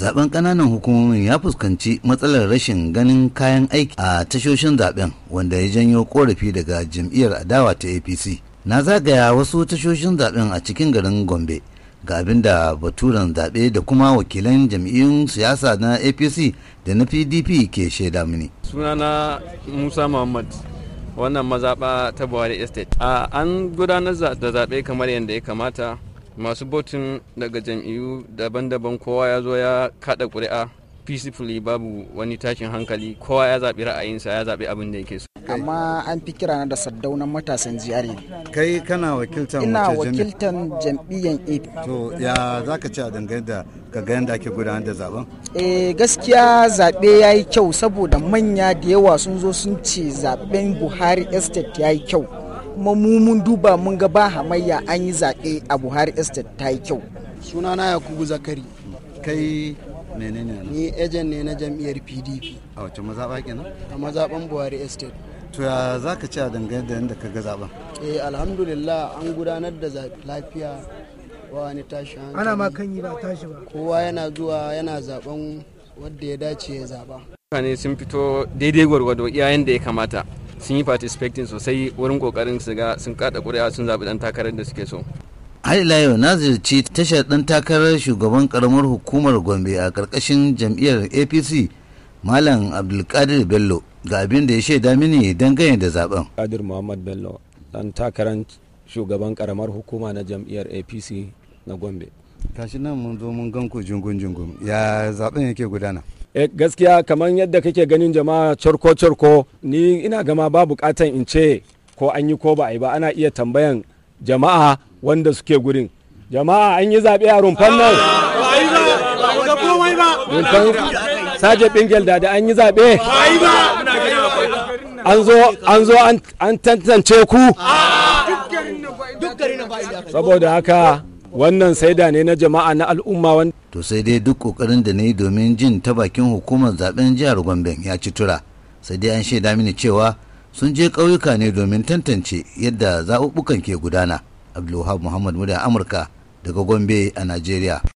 zaben kananan hukumomin ya fuskanci matsalar rashin ganin kayan aiki a tashoshin zaben wanda ya janyo korafi daga jam'iyyar adawa ta apc na zagaya wasu tashoshin zaben a cikin garin gombe ga abin da baturen zaɓe da kuma wakilan jam'iyyun siyasa na apc da na pdp ke shaida mini sunana musa muhammad wannan mazaɓa ta buhari estate an gudanar da zaɓe kamar yadda ya kamata masu botin daga jam'iyyu daban-daban kowa ya zo ya kada ƙuri'a peacefully babu wani tashin hankali kowa ya zaɓi ra'ayinsa ya zaɓi abin da yake so amma an fi kira na da saddaunan matasan GRA kai kana wakiltan ina wakiltan jam'iyyar AP to ya ka ci a dangane da ga da ake gudanar da zaben eh gaskiya zaɓe ya yi kyau saboda manya da yawa sun zo sun ce zaɓen Buhari estate ya yi kyau kuma mu mun duba mun ga ba hamayya an yi zaɓe a buhari estate ta yi kyau sunana yakubu zakari kai menene ni ejen ne na jam'iyyar pdp a wacce mazaɓa kenan a mazaɓan buhari estate to ya za ka ci a dangane da yadda ka ga zaɓen eh alhamdulillah an gudanar da lafiya wa wani tashi ana ma kan yi ba tashi ba kowa yana zuwa yana zaɓen wanda ya dace ya zaɓa mutane sun fito daidai gwargwado iyayen da ya kamata sun yi participating sosai wurin kokarin su ga sun kada kuri'a sun zaɓi dan takarar da suke so Haila yau na ziyarci tashar dan takarar shugaban karamar hukumar Gombe a karkashin jam'iyyar APC Malam Abdulkadir Bello ga abin da ya shaida mini dangane da zaben. Kadir Muhammad Bello dan takarar shugaban karamar hukuma na jam'iyyar APC na Gombe. Kashi nan mun zo mun gan ku jingun jungun ya zaben yake gudana. Eh, gaskiya kamar yadda kake ganin jama'a carko-carko ni ina gama ba bukatan in ce ko an yi ko ba a yi ba ana iya tambayan jama'a wanda suke gurin jama'a an yi zaɓe a rumfan nan rumfan saje bingel da an yi zaɓe an zo an tantance ku saboda haka wannan saida ne na jama'a na al'umma to sai dai duk kokarin da na yi domin jin ta bakin hukumar zaben jihar gombe ya ci tura sai dai an shaida mini cewa sun je ƙauyuka ne domin tantance yadda zaɓuɓɓukan ke gudana abdulwahab muhammad muda amurka daga gombe a najeriya